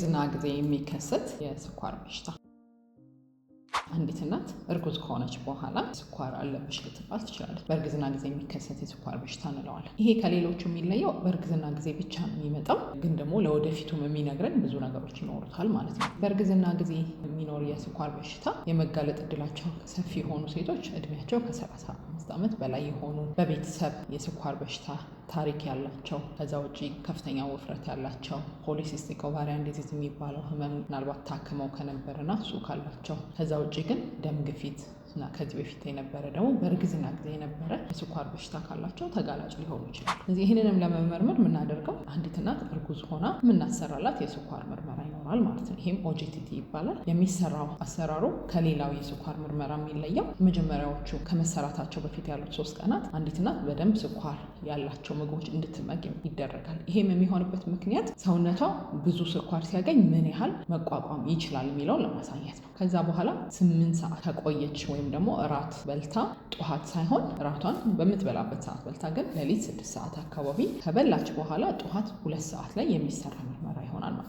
በእርግዝና ጊዜ የሚከሰት የስኳር በሽታ አንዲት እናት እርጉዝ ከሆነች በኋላ ስኳር አለብሽ ልትባል ትችላለች። በእርግዝና ጊዜ የሚከሰት የስኳር በሽታ እንለዋለን። ይሄ ከሌሎቹ የሚለየው በእርግዝና ጊዜ ብቻ ነው የሚመጣው ግን ደግሞ ለወደፊቱም የሚነግረን ብዙ ነገሮች ይኖሩታል ማለት ነው። በእርግዝና ጊዜ የሚኖር የስኳር በሽታ የመጋለጥ እድላቸው ሰፊ የሆኑ ሴቶች እድሜያቸው ከ35 ዓመት በላይ የሆኑ በቤተሰብ የስኳር በሽታ ታሪክ ያላቸው ከዛ ውጪ ከፍተኛ ውፍረት ያላቸው ፖሊሲስቲክ ኦቫሪያን ዲዚዝ የሚባለው ህመም ምናልባት ታክመው ከነበረና እሱ ካላቸው ከዛ ውጪ ግን ደም ግፊት እና ከዚህ በፊት የነበረ ደግሞ በእርግዝና ጊዜ የነበረ የስኳር በሽታ ካላቸው ተጋላጭ ሊሆኑ ይችላል። ስለዚህ ይህንንም ለመመርመር የምናደርገው አንዲት እናት እርጉዝ ሆና የምናሰራላት የስኳር ምርመራ ይኖራል ማለት ነው። ይህም ኦጂቲቲ ይባላል። የሚሰራው አሰራሩ ከሌላው የስኳር ምርመራ የሚለየው መጀመሪያዎቹ ከመሰራታቸው በፊት ያሉት ሶስት ቀናት አንዲት እናት በደንብ ስኳር ያላቸው ምግቦች እንድትመገብ ይደረጋል። ይሄም የሚሆንበት ምክንያት ሰውነቷ ብዙ ስኳር ሲያገኝ ምን ያህል መቋቋም ይችላል የሚለውን ለማሳየት ነው። ከዛ በኋላ ስምንት ሰዓት ከቆየች ወይም ወይም ደግሞ እራት በልታ ጠዋት ሳይሆን እራቷን በምትበላበት ሰዓት በልታ ግን ሌሊት ስድስት ሰዓት አካባቢ ከበላች በኋላ ጠዋት ሁለት ሰዓት ላይ የሚሰራ ነው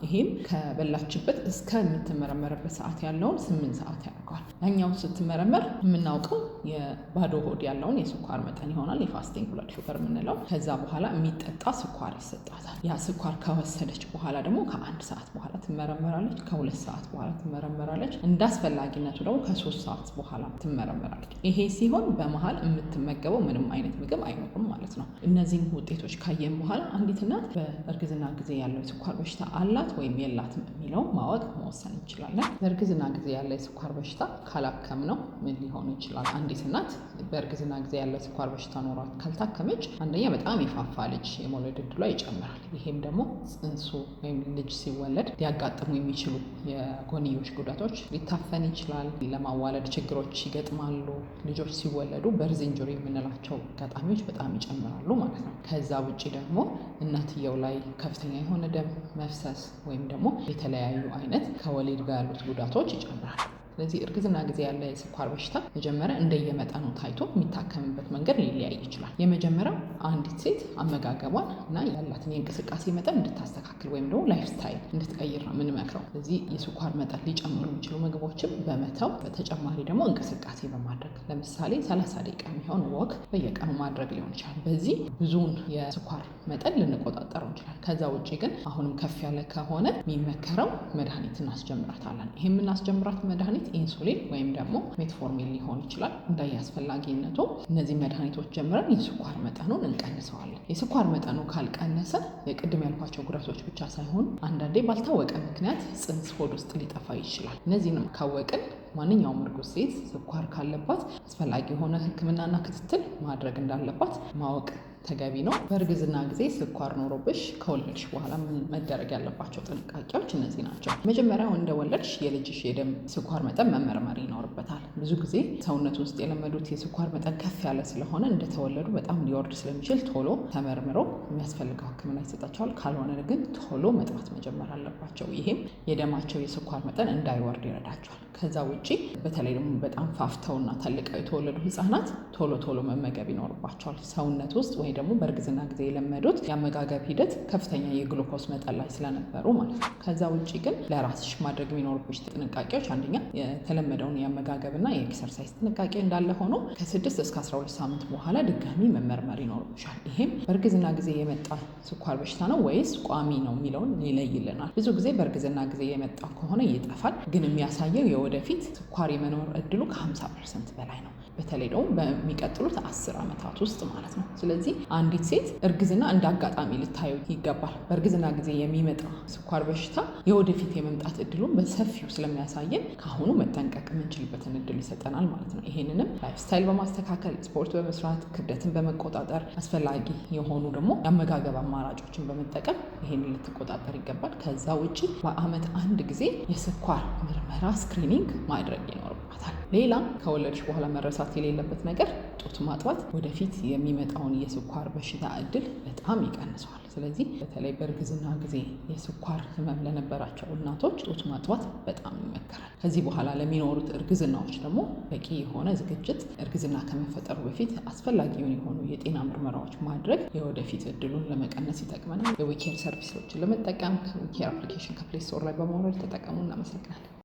ይሄም ከበላችበት እስከምትመረመርበት ሰዓት ያለውን ስምንት ሰዓት ያደርገዋል። ያኛው ስትመረመር የምናውቀው የባዶ ሆድ ያለውን የስኳር መጠን ይሆናል፣ የፋስቲንግ ብላድ ሹገር የምንለው። ከዛ በኋላ የሚጠጣ ስኳር ይሰጣታል። ያ ስኳር ከወሰደች በኋላ ደግሞ ከአንድ ሰዓት በኋላ ትመረመራለች፣ ከሁለት ሰዓት በኋላ ትመረመራለች፣ እንደ አስፈላጊነቱ ደግሞ ከሶስት ሰዓት በኋላ ትመረመራለች። ይሄ ሲሆን በመሀል የምትመገበው ምንም አይነት ምግብ አይኖርም ማለት ነው። እነዚህም ውጤቶች ካየን በኋላ አንዲት እናት በእርግዝና ጊዜ ያለው የስኳር በሽታ አላት አላት ወይም የላትም የሚለው ማወቅ መወሰን እንችላለን። በእርግዝና ጊዜ ያለ የስኳር በሽታ ካላከም ነው ምን ሊሆን ይችላል? አንዲት እናት በእርግዝና ጊዜ ያለ ስኳር በሽታ ኖሯት ካልታከመች አንደኛ በጣም የፋፋ ልጅ የመውለድ እድሏ ይጨምራል። ይሄም ደግሞ ጽንሱ ወይም ልጅ ሲወለድ ሊያጋጥሙ የሚችሉ የጎንዮሽ ጉዳቶች ሊታፈን ይችላል። ለማዋለድ ችግሮች ይገጥማሉ። ልጆች ሲወለዱ በርዝ ኢንጁሪ የምንላቸው አጋጣሚዎች በጣም ይጨምራሉ ማለት ነው። ከዛ ውጭ ደግሞ እናትየው ላይ ከፍተኛ የሆነ ደም መፍሰስ ወይም ደግሞ የተለያዩ አይነት ከወሊድ ጋር ያሉት ጉዳቶች ይጨምራል። ስለዚህ እርግዝና ጊዜ ያለ የስኳር በሽታ መጀመሪያ እንደየመጠኑ ታይቶ የሚታከምበት መንገድ ሊለያይ ይችላል። የመጀመሪያው አንዲት ሴት አመጋገቧን እና ያላትን የእንቅስቃሴ መጠን እንድታስተካክል ወይም ደግሞ ላይፍ ስታይል እንድትቀይር ነው የምንመክረው። ስለዚህ የስኳር መጠን ሊጨምሩ የሚችሉ ምግቦችም በመተው በተጨማሪ ደግሞ እንቅስቃሴ በማድረግ ለምሳሌ ሰላሳ ደቂቃ የሚሆን ወክ በየቀኑ ማድረግ ሊሆን ይችላል። በዚህ ብዙውን የስኳር መጠን ልንቆጣጠረው እንችላል። ከዛ ውጭ ግን አሁንም ከፍ ያለ ከሆነ የሚመከረው መድኃኒት እናስጀምራታለን። ይህ የምናስጀምራት መድኃኒት ኢንሱሊን ወይም ደግሞ ሜትፎርሚን ሊሆን ይችላል አስፈላጊነቱ እነዚህ መድኃኒቶች ጀምረን የስኳር መጠኑን እንቀንሰዋለን። የስኳር መጠኑ ካልቀነሰ የቅድም ያልኳቸው ጉዳቶች ብቻ ሳይሆን አንዳንዴ ባልታወቀ ምክንያት ጽንስ ሆድ ውስጥ ሊጠፋ ይችላል። እነዚህንም ካወቅን ማንኛውም እርጉዝ ሴት ስኳር ካለባት አስፈላጊ የሆነ ሕክምናና ክትትል ማድረግ እንዳለባት ማወቅ ተገቢ ነው። በእርግዝና ጊዜ ስኳር ኖሮብሽ ከወለድሽ በኋላ መደረግ ያለባቸው ጥንቃቄዎች እነዚህ ናቸው። መጀመሪያው እንደወለድሽ የልጅሽ የደም ስኳር መጠን መመርመር ይኖርበታል። ብዙ ጊዜ ሰውነት ውስጥ የለመዱት የስኳር መጠን ከፍ ያለ ስለሆነ እንደተወለዱ በጣም ሊወርድ ስለሚችል ቶሎ ተመርምሮ የሚያስፈልገው ሕክምና ይሰጣቸዋል። ካልሆነ ግን ቶሎ መጥባት መጀመር አለባቸው። ይህም የደማቸው የስኳር መጠን እንዳይወርድ ይረዳቸዋል። ከዛ ውጭ በተለይ ደግሞ በጣም ፋፍተውና ተልቀው የተወለዱ ህጻናት ቶሎ ቶሎ መመገብ ይኖርባቸዋል ሰውነት ውስጥ ወይ ደግሞ በእርግዝና ጊዜ የለመዱት የአመጋገብ ሂደት ከፍተኛ የግሉኮስ መጠን ላይ ስለነበሩ ማለት ነው። ከዛ ውጭ ግን ለራስሽ ማድረግ የሚኖርብሽ ጥንቃቄዎች አንደኛ የተለመደውን የአመጋገብና የኤክሰርሳይዝ ጥንቃቄ እንዳለ ሆኖ ከስድስት እስከ አስራ ሁለት ሳምንት በኋላ ድጋሚ መመርመር ይኖርብሻል። ይሄም በእርግዝና ጊዜ የመጣ ስኳር በሽታ ነው ወይስ ቋሚ ነው የሚለውን ይለይልናል። ብዙ ጊዜ በእርግዝና ጊዜ የመጣ ከሆነ ይጠፋል፣ ግን የሚያሳየው የወደፊት ስኳር የመኖር እድሉ ከ50 ፐርሰንት በላይ ነው። በተለይ ደግሞ በሚቀጥሉት አስር ዓመታት ውስጥ ማለት ነው። ስለዚህ አንዲት ሴት እርግዝና እንደ አጋጣሚ ልታዩ ይገባል። በእርግዝና ጊዜ የሚመጣ ስኳር በሽታ የወደፊት የመምጣት እድሉን በሰፊው ስለሚያሳየን ከአሁኑ መጠንቀቅ የምንችልበትን እድል ይሰጠናል ማለት ነው። ይህንንም ላይፍ ስታይል በማስተካከል ስፖርት በመስራት ክብደትን በመቆጣጠር አስፈላጊ የሆኑ ደግሞ የአመጋገብ አማራጮችን በመጠቀም ይህንን ልትቆጣጠር ይገባል። ከዛ ውጭ በአመት አንድ ጊዜ የስኳር ምርመራ ስክሪኒንግ ማድረግ ይኖርባታል። ሌላ ከወለድሽ በኋላ መረሳት መቅረት የሌለበት ነገር ጡት ማጥባት ወደፊት የሚመጣውን የስኳር በሽታ እድል በጣም ይቀንሰዋል። ስለዚህ በተለይ በእርግዝና ጊዜ የስኳር ህመም ለነበራቸው እናቶች ጡት ማጥባት በጣም ይመከራል። ከዚህ በኋላ ለሚኖሩት እርግዝናዎች ደግሞ በቂ የሆነ ዝግጅት እርግዝና ከመፈጠሩ በፊት አስፈላጊውን የሆኑ የጤና ምርመራዎች ማድረግ የወደፊት እድሉን ለመቀነስ ይጠቅመናል። የዊኬር ሰርቪሶችን ለመጠቀም ከዊኬር አፕሊኬሽን ከፕሌይ ስቶር ላይ በመውረድ ተጠቀሙ። እናመሰግናለን።